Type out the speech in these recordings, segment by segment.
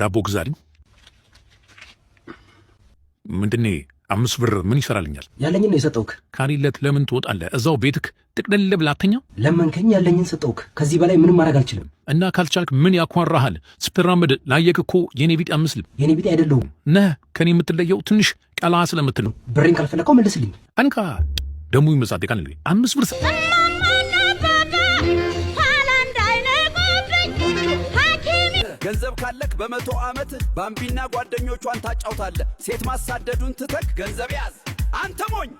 ዳቦ ግዛልኝ። ምንድኔ አምስት ብር ምን ይሰራልኛል? ያለኝን ነው የሰጠውክ። ካሌለት ለምን ትወጣለህ? እዛው ቤትክ ጥቅልል ብላ አተኛ። ለመንከኝ፣ ያለኝን ሰጠውክ። ከዚህ በላይ ምንም ማድረግ አልችልም። እና ካልቻልክ ምን ያኳራሃል? ስትራመድ ላየክ እኮ የኔ ቢጤ አምስልም። የኔ ቢጤ አይደለሁም ነህ። ከኔ የምትለየው ትንሽ ቀላ ስለምትል ነው። ብሬን ካልፈለከው መልስልኝ። አንካ ደሙ ይመጻደቃል። አምስት ብር ሰጠ ስትሳለክ በመቶ ዓመት ባምቢና ጓደኞቿን ታጫውታለ። ሴት ማሳደዱን ትተክ ገንዘብ ያዝ አንተ ሞኝ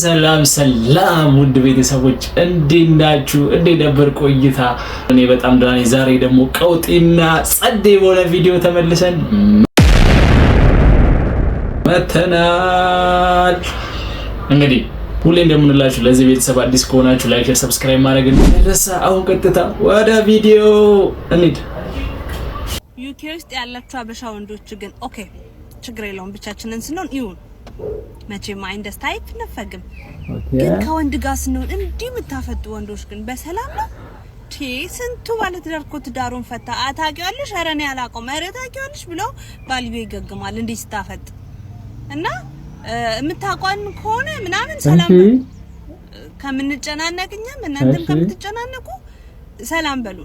ሰላም ሰላም ሰላም ውድ ቤተሰቦች እንዴት ናችሁ? እንዴት ነበር ቆይታ? እኔ በጣም ደህና ነኝ። ዛሬ ደግሞ ቀውጢና ጸዴ በሆነ ቪዲዮ ተመልሰን መተናል። እንግዲህ ሁሌ እንደምንላችሁ ለዚህ ቤተሰብ አዲስ ከሆናችሁ ላይክ፣ ሰብስክራይብ ማድረግ እንደረሳ። አሁን ቀጥታ ወደ ቪዲዮ እንሂድ። ዩኬ ውስጥ ያላችሁ አበሻ ወንዶች ግን ኦኬ ችግር የለውም ብቻችንን ስንሆን ይሁን መቼም አይን ደስታ አይነፈግም። ግን ከወንድ ጋር ስንሆን እንዲህ የምታፈጡ ወንዶች ግን በሰላም ነው። ስንቱ ባለትዳር እኮ ትዳሩን ፈታ። አታውቂዋለሽ፣ ኧረ እኔ አላውቀውም፣ ኧረ ታውቂዋለሽ ብሎ ባልዮ ይገግማል እንዲህ ስታፈጥ እና የምታውቋን ከሆነ ምናምን ሰላም ከምንጨናነቅ እኛም እናንተም ከምትጨናነቁ ሰላም በሉ።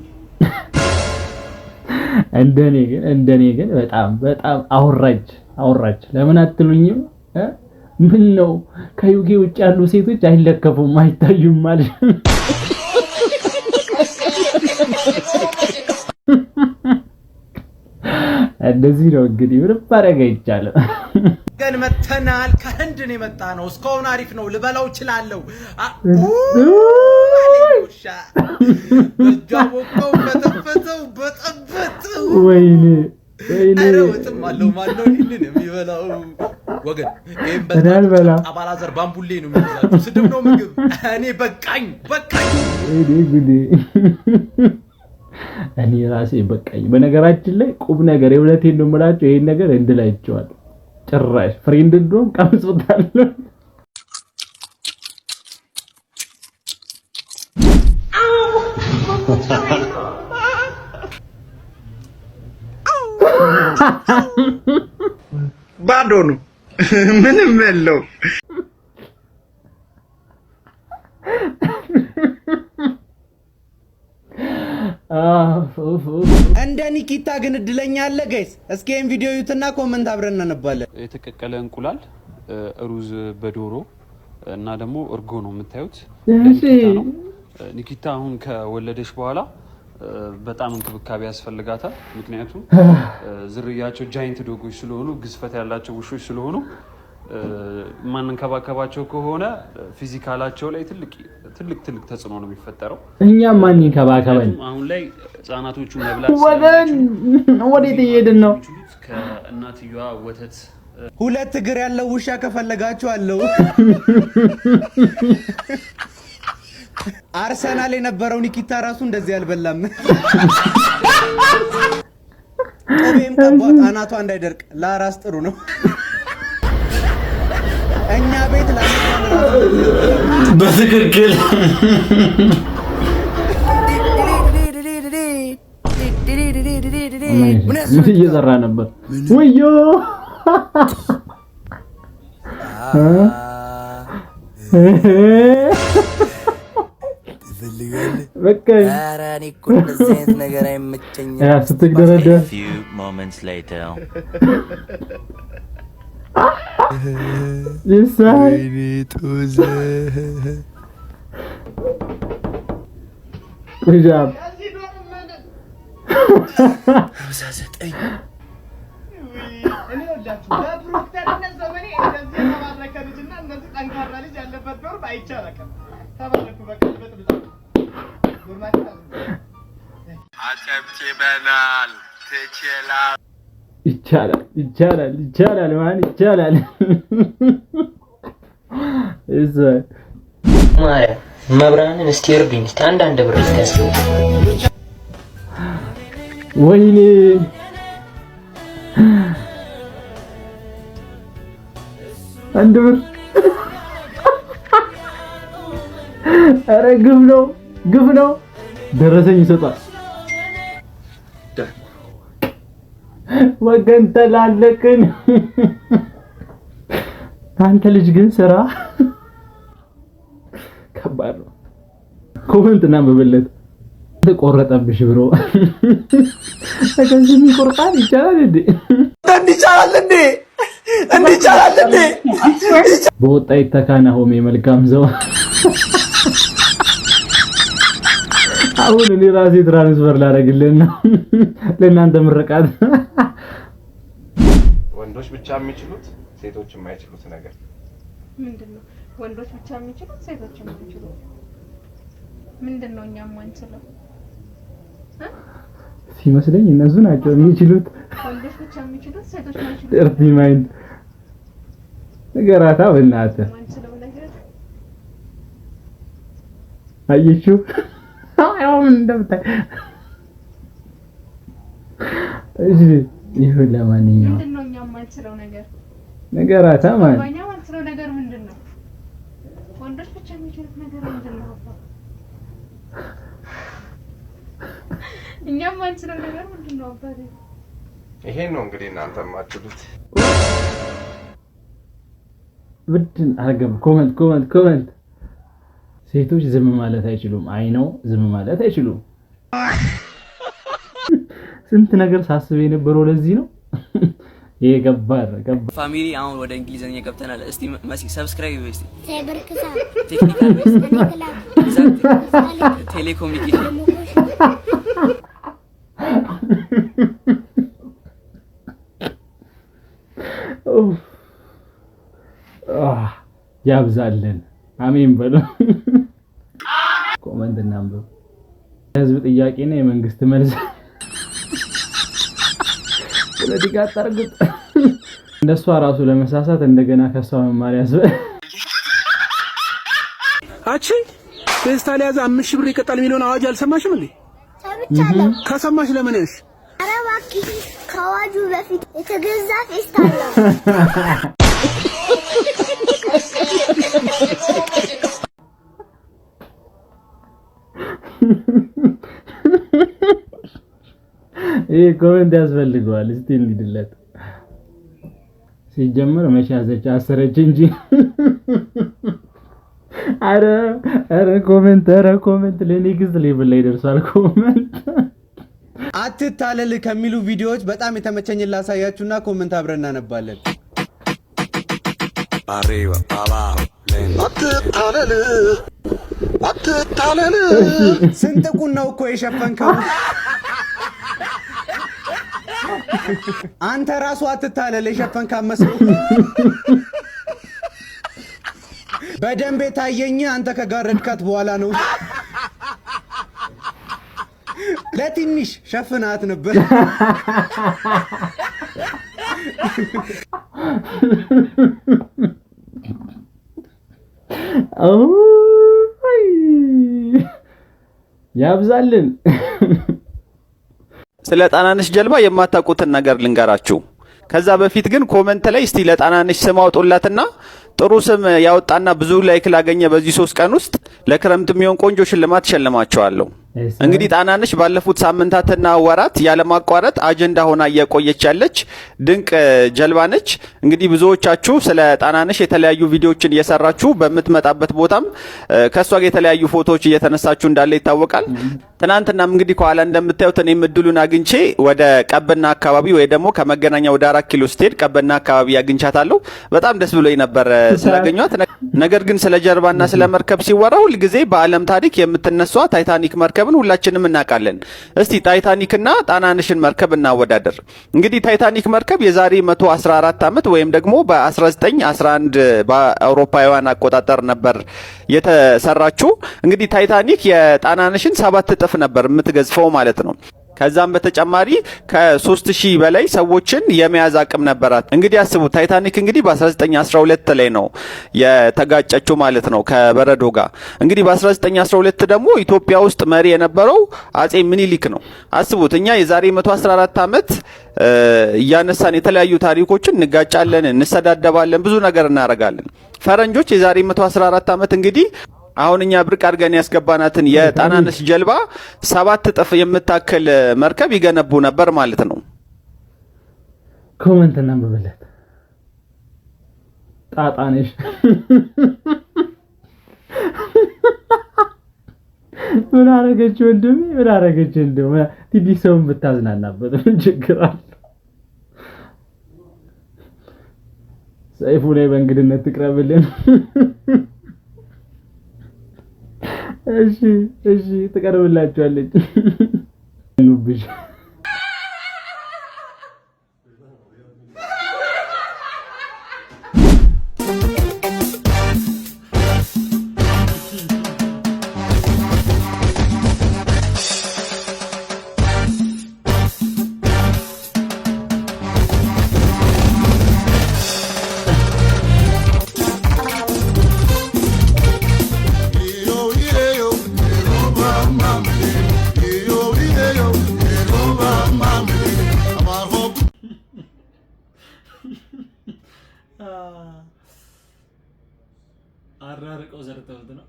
እንደኔ ግን እንደኔ ግን በጣም በጣም አውራጅ አውራጅ ለምን አትሉኝም? ምን ነው ከዩጌ ውጭ ያሉ ሴቶች አይለከፉም፣ አይታዩም ማለት ነው። እንደዚህ ነው እንግዲህ ምንም ማድረግ አይቻልም። ግን መተናል። ከህንድ ነው የመጣ ነው። እስካሁን አሪፍ ነው። ልበላው እችላለሁ። ጃቦቀው በጠበጠው ወይኔ ወይኔ፣ ኧረ አለው ማነው ይህንን የሚበላው? ወገን ይህም በላ አባላዘር ባምቡሌ ነው የሚዛቸው። ስድብ ነው ምግብ። እኔ በቃኝ በቃኝ፣ እኔ ራሴ በቃኝ። በነገራችን ላይ ቁም ነገር የእውነት ነው የምላቸው ይሄን ነገር እንድላ ጭራሽ ፍሬንድ እንደውም ቀምጽታለሁ። ባዶ ነው ምንም የለው። እንደ ኒኪታ ግን እድለኛ አለ። ጋይስ እስኪ ይህን ቪዲዮ ዩትና ኮመንት አብረን እናነባለን። የተቀቀለ እንቁላል፣ ሩዝ በዶሮ እና ደግሞ እርጎ ነው የምታዩት ኒኪታ አሁን ከወለደች በኋላ በጣም እንክብካቤ ያስፈልጋታል። ምክንያቱም ዝርያቸው ጃይንት ዶጎች ስለሆኑ ግዝፈት ያላቸው ውሾች ስለሆኑ ማንንከባከባቸው ከሆነ ፊዚካላቸው ላይ ትልቅ ትልቅ ተጽዕኖ ነው የሚፈጠረው። እኛም ማንንከባከበን አሁን ላይ ህጻናቶቹ መብላት ወዴት እየሄድን ነው? ከእናትየዋ ወተት ሁለት እግር ያለው ውሻ ከፈለጋችሁ አለው አርሰናል የነበረው ኒኪታ ራሱ እንደዚህ አልበላም። ቆቤም ቀቧት አናቷ እንዳይደርቅ ለአራስ ጥሩ ነው። እኛ ቤት በትክክል ምን እየሰራ ነበር? ወዮ በቃ ኧረ እኔ እኮ እንደዚህ አይነት ነገር አይመቸኝም። ስትግደረደር ይቻላል ይቻላል ይቻላል ማን ይቻላል። መብራንን እስቲ እርዱኝ እስቲ አንዳንድ ብር እስቲ ወይኔ አንድ ብር ኧረ ነው። ግፍ ነው። ደረሰኝ ይሰጣል። ወገን ተላለቅን። አንተ ልጅ ግን ስራ ከባድ ነው። ኮመንት እና መበለት ተቆረጠብሽ ብሎ ከዚህ የሚቆርጣል ይቻላል እንዴ? ይቻላል እንዴ? ይቻላል እንዴ? በወጣ ይተካና ሆሜ መልካም ዘው አሁን እኔ ራሴ ትራንስፈር ላደርግልን ነው ለእናንተ ምርቃት። ወንዶች ብቻ የሚችሉት ሴቶች የማይችሉት ነገር ምንድነው? ወንዶች ብቻ የሚችሉት ሴቶች የማይችሉት ምንድነው? ነው? እኛ የማንችለው ሲመስለኝ እነሱ ናቸው የሚችሉት። ወንዶች ብቻ የሚችሉት ሴቶች ማይችሉት እርት ማይንድ ንገራታ በእናትህ አየችው። ምን እንደምታይ እሺ፣ ይሁን። ለማንኛውም ነገራታ ማለት ነገር ምንድነው? ወንዶች ብቻ ነገር ምንድነው? እኛ የማንችለው ነገር ምንድነው? አባቴ ይሄን ነው እንግዲህ እናንተ የማትችሉት። ብድን አርገም ኮመንት ኮመንት ኮመንት ሴቶች ዝም ማለት አይችሉም። አይነው ዝም ማለት አይችሉም። ስንት ነገር ሳስብ የነበረው ለዚህ ነው። ይሄ ገባር ገባር ፋሚሊ አሁን ወደ እንግሊዝኛ ገብተናል። እስቲ መሲ ሰብስክራይብ ስ ቴሌኮሙኒኬሽን ያብዛልን። አሜን በሉ። ኮመንት እናንብብ። የህዝብ ጥያቄና የመንግስት መልስ ፖለቲካ አታርግጥ። እንደሷ ራሱ ለመሳሳት እንደገና ከሷ መማር ያስበ አቺ ደስታ ሊያዝ አምስት ሺህ ብር ይቀጣል የሚለውን አዋጅ አልሰማሽም እንዴ? ከሰማሽ ለምን ያሽ አረባኪ ከአዋጁ በፊት የተገዛ ፌስታ ይህ ኮመንት ያስፈልገዋል። እስቲ እንሂድለት። ሲጀመር መሻዘች አሰረች እንጂ አረ አረ ኮመንት አረ ኮመንት ለኔክስት ሌቭል ላይ ደርሷል። ኮመንት አትታለል ከሚሉ ቪዲዮዎች በጣም የተመቸኝን ላሳያችሁና ኮመንት አብረን እናነባለን። አትታለል አትታለል። ስንጥቁን ነው እኮ የሸፈንከው። አንተ ራሱ አትታለል። የሸፈንካ መስሎ በደንብ የታየኝ አንተ ከጋረድካት በኋላ ነው። ለትንሽ ሸፍናት ነበር። አዎ ያብዛልን። ስለ ጣናነሽ ጀልባ የማታውቁትን ነገር ልንገራችሁ። ከዛ በፊት ግን ኮመንት ላይ እስቲ ለጣናነሽ ስም አውጡላትና ጥሩ ስም ያወጣና ብዙ ላይክ ላገኘ በዚህ ሶስት ቀን ውስጥ ለክረምት የሚሆን ቆንጆ ሽልማት ሸልማቸዋለሁ። እንግዲህ ጣናነሽ ባለፉት ሳምንታትና ወራት ያለማቋረጥ አጀንዳ ሆና እየቆየች ያለች ድንቅ ጀልባ ነች። እንግዲህ ብዙዎቻችሁ ስለ ጣናነሽ የተለያዩ ቪዲዮዎችን እየሰራችሁ በምትመጣበት ቦታም ከእሷ ጋር የተለያዩ ፎቶዎች እየተነሳችሁ እንዳለ ይታወቃል። ትናንትናም እንግዲህ ከኋላ እንደምታዩት እኔም እድሉን አግኝቼ ወደ ቀበና አካባቢ ወይ ደግሞ ከመገናኛ ወደ አራት ኪሎ ስትሄድ ቀበና አካባቢ አግኝቻታለሁ። በጣም ደስ ብሎኝ ነበር ስላገኟት። ነገር ግን ስለ ጀልባና ስለ መርከብ ሲወራ ሁልጊዜ በዓለም ታሪክ የምትነሷ ታይታኒክ መርከብን ሁላችንም እናውቃለን። እስቲ ታይታኒክና ጣናንሽን መርከብ እናወዳደር። እንግዲህ ታይታኒክ መርከብ የዛሬ 114 ዓመት ወይም ደግሞ በ1911 በአውሮፓውያን አቆጣጠር ነበር የተሰራችው። እንግዲህ ታይታኒክ የጣናንሽን ሰባት እጥፍ ነበር የምትገዝፈው ማለት ነው። ከዛም በተጨማሪ ከሶስት ሺህ በላይ ሰዎችን የመያዝ አቅም ነበራት። እንግዲህ አስቡ ታይታኒክ እንግዲህ በ1912 ላይ ነው የተጋጨችው ማለት ነው ከበረዶ ጋር። እንግዲህ በ1912 ደግሞ ኢትዮጵያ ውስጥ መሪ የነበረው አጼ ምኒሊክ ነው። አስቡት እኛ የዛሬ 114 ዓመት እያነሳን የተለያዩ ታሪኮችን እንጋጫለን፣ እንሰዳደባለን፣ ብዙ ነገር እናደርጋለን። ፈረንጆች የዛሬ 114 ዓመት እንግዲህ አሁን እኛ ብርቅ አድርገን ያስገባናትን የጣናነሽ ጀልባ ሰባት እጥፍ የምታክል መርከብ ይገነቡ ነበር ማለት ነው። ኮመንት እናንብብለት። ጣጣነሽ ምን አረገች ወንድሜ? ምን አረገች እንደው ቲዲ ሰውን ብታዝናናበት ምን ችግር አለ? ሰይፉ ላይ በእንግድነት ትቅረብልን። እሺ እሺ ትቀርብላችኋለች። አራርቀው ዘርተውት ነው።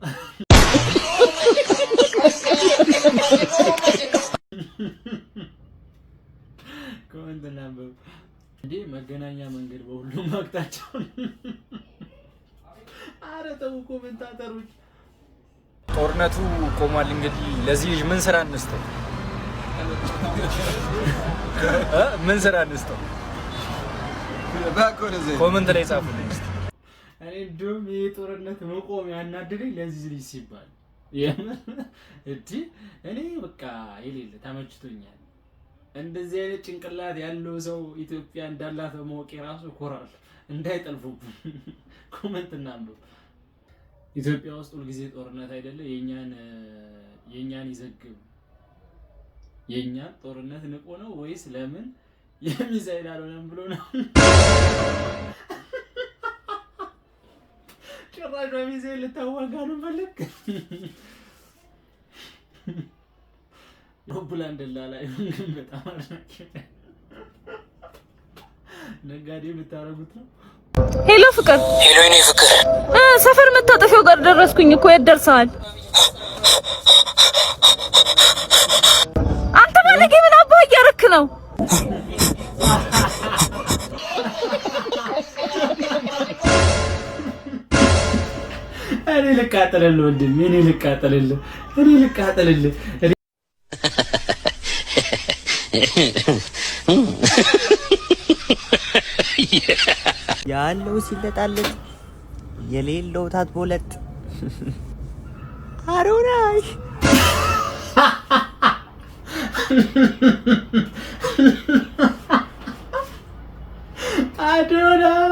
ኮመንት ላንብብ እንዴ! መገናኛ መንገድ በሁሉም አቅጣጫው። አረ ተው ኮመንታተሮች፣ ጦርነቱ ቆሟል። እንግዲህ ለዚህ ልጅ ምን ስራ እንስጠው? ምን ስራ እንስጠው? ኮመንት ላይ ጻፉልኝ። እኔ እንዲሁም ይህ ጦርነት መቆም ያናደደኝ ለዚህ ልጅ ሲባል እቲ እኔ በቃ የሌለ ተመችቶኛል። እንደዚህ አይነት ጭንቅላት ያለው ሰው ኢትዮጵያ እንዳላት በማወቄ ራሱ ኮራል። እንዳይጠልፉብን ኮመንት እናንብ። ኢትዮጵያ ውስጥ ሁልጊዜ ጦርነት አይደለ የእኛን የእኛን ይዘግብ የእኛን ጦርነት ንቆ ነው ወይስ ለምን የሚሳኤል አልሆነም ብሎ ነው። ጭራሽ በሚሳኤል ልታዋጋ ነው ፈለግ ቡላን ደላላ ግን በጣም አድናቂ ነጋዴ የምታረጉት ነው። ሄሎ ፍቅር፣ ሄሎ የኔ ፍቅር፣ ሰፈር መታጠፊያው ጋር ደረስኩኝ እኮ። የት ደርሰሃል አንተ? ባለጌ ምን አባህ እያረክ ነው? እኔ ልቃጠልልህ ወንድሜ፣ እኔ ልቃጠልልህ፣ እኔ ልቃጠልልህ። ያለው ሲለጣለት የሌለው ታትቦለጥ አሮናሽ I don't know.